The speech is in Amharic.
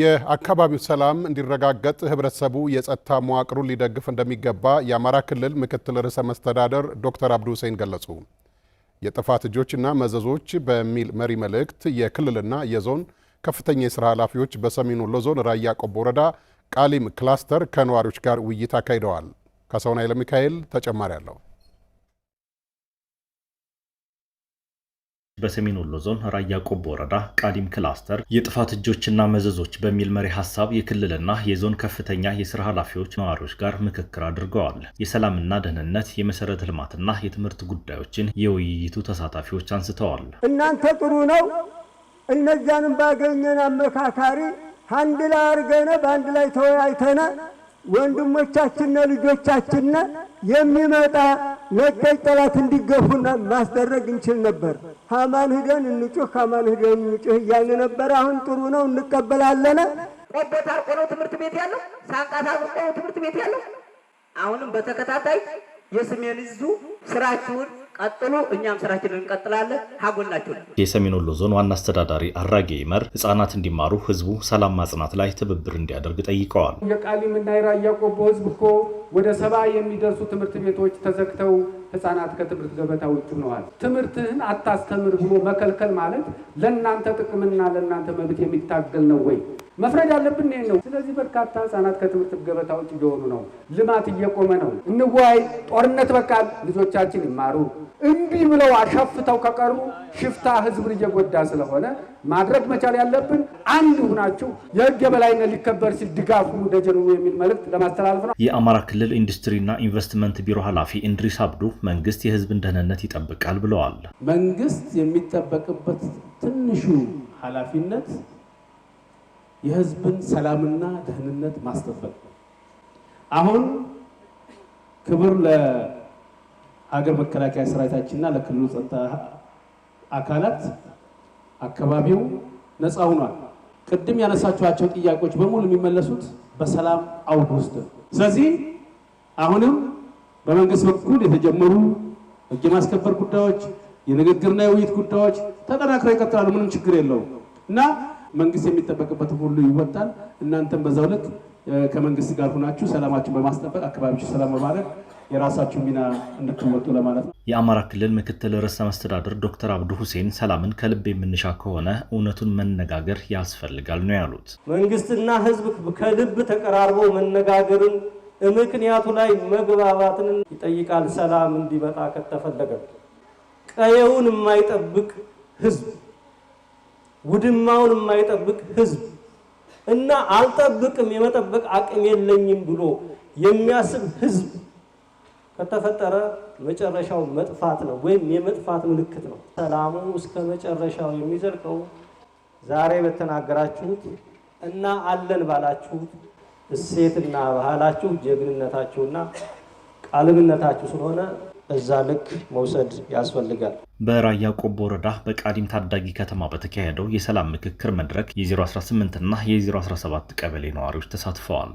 የአካባቢው ሰላም እንዲረጋገጥ ህብረተሰቡ የጸጥታ መዋቅሩን ሊደግፍ እንደሚገባ የአማራ ክልል ምክትል ርዕሰ መስተዳደር ዶክተር አብዱ ሁሴን ገለጹ። የጥፋት እጆችና መዘዞች በሚል መሪ መልእክት የክልልና የዞን ከፍተኛ የስራ ኃላፊዎች በሰሜን ወሎ ዞን ራያ ቆቦ ወረዳ ቃሊም ክላስተር ከነዋሪዎች ጋር ውይይት አካሂደዋል። ከሰውን ኃይለ ሚካኤል ተጨማሪ አለው። በሰሜን ወሎ ዞን ራያ ቆቦ ወረዳ ቃሊም ክላስተር የጥፋት እጆችና መዘዞች በሚል መሪ ሀሳብ የክልልና የዞን ከፍተኛ የስራ ኃላፊዎች ነዋሪዎች ጋር ምክክር አድርገዋል። የሰላምና ደህንነት፣ የመሰረተ ልማትና የትምህርት ጉዳዮችን የውይይቱ ተሳታፊዎች አንስተዋል። እናንተ ጥሩ ነው፣ እነዚያንም ባገኘን አመካካሪ አንድ ላይ አርገነ በአንድ ላይ ተወያይተነ ወንድሞቻችንና ልጆቻችንና የሚመጣ ነጠቅ ጠላት እንዲገፉና ማስደረግ እንችል ነበር። ሃማን ሂደን እንጩህ፣ ሃማን ሂደን እንጩህ እያልን ነበር። አሁን ጥሩ ነው፣ እንቀበላለን። ቆቦ ታርቆ ነው ትምህርት ቤት ያለው፣ ሳንቃ ታርቆ ነው ትምህርት ቤት ያለው። አሁንም በተከታታይ የስሜን ዕዙ ስራችሁን ቀጥሎ እኛም ስራችንን እንቀጥላለን። ሀጎላችሁ የሰሜን ወሎ ዞን ዋና አስተዳዳሪ አራጌ ይመር ህጻናት እንዲማሩ ህዝቡ ሰላም ማጽናት ላይ ትብብር እንዲያደርግ ጠይቀዋል። የቃሊምና የራያ ቆቦ ህዝብ እኮ ወደ ሰባ የሚደርሱ ትምህርት ቤቶች ተዘግተው ህፃናት ከትምህርት ገበታ ውጭ ሆነዋል። ትምህርትህን አታስተምር ብሎ መከልከል ማለት ለእናንተ ጥቅምና ለእናንተ መብት የሚታገል ነው ወይ? መፍረድ ያለብን ይህን ነው። ስለዚህ በርካታ ህጻናት ከትምህርት ገበታ ውጭ እየሆኑ ነው። ልማት እየቆመ ነው። እንዋይ፣ ጦርነት በቃል ልጆቻችን ይማሩ። እምቢ ብለው አሸፍተው ከቀሩ ሽፍታ ህዝብን እየጎዳ ስለሆነ ማድረግ መቻል ያለብን አንድ ሁናችሁ የህግ የበላይነት ሊከበር ሲል ድጋፍ ሁኑ ደጀኑ የሚል መልእክት ለማስተላለፍ ነው። የአማራ ክልል ኢንዱስትሪና ኢንቨስትመንት ቢሮ ኃላፊ እንድሪስ አብዱ መንግስት የህዝብን ደህንነት ይጠብቃል ብለዋል። መንግስት የሚጠበቅበት ትንሹ ኃላፊነት የህዝብን ሰላምና ደህንነት ማስጠበቅ። አሁን ክብር ለሀገር መከላከያ ሰራዊታችንና ለክልሉ ጸጥታ አካላት አካባቢው ነፃ ሆኗል። ቅድም ያነሳችኋቸው ጥያቄዎች በሙሉ የሚመለሱት በሰላም አውድ ውስጥ ነው። ስለዚህ አሁንም በመንግስት በኩል የተጀመሩ ህግ የማስከበር ጉዳዮች፣ የንግግርና የውይይት ጉዳዮች ተጠናክረው ይቀጥላሉ። ምንም ችግር የለውም እና መንግስት የሚጠበቅበት ሁሉ ይወጣል። እናንተም በዛው ልክ ከመንግስት ጋር ሆናችሁ ሰላማችሁን በማስጠበቅ አካባቢዎችን ሰላም በማድረግ የራሳችሁ ሚና እንድትወጡ ለማለት ነው። የአማራ ክልል ምክትል ርዕሰ መስተዳድር ዶክተር አብዱ ሁሴን ሰላምን ከልብ የምንሻ ከሆነ እውነቱን መነጋገር ያስፈልጋል ነው ያሉት። መንግስትና ህዝብ ከልብ ተቀራርቦ መነጋገርን ምክንያቱ ላይ መግባባትን ይጠይቃል። ሰላም እንዲመጣ ከተፈለገ ቀየውን የማይጠብቅ ህዝብ ውድማውን የማይጠብቅ ህዝብ እና አልጠብቅም የመጠበቅ አቅም የለኝም ብሎ የሚያስብ ህዝብ ከተፈጠረ መጨረሻው መጥፋት ነው፣ ወይም የመጥፋት ምልክት ነው። ሰላሙ እስከ መጨረሻው የሚዘልቀው ዛሬ በተናገራችሁት እና አለን ባላችሁት እሴትና ባህላችሁ ጀግንነታችሁና ቃልምነታችሁ ስለሆነ እዛ ልክ መውሰድ ያስፈልጋል። በራያ ቆቦ ወረዳ በቃሊም ታዳጊ ከተማ በተካሄደው የሰላም ምክክር መድረክ የ018 እና የ017 ቀበሌ ነዋሪዎች ተሳትፈዋል።